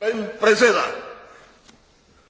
Pan prezeda.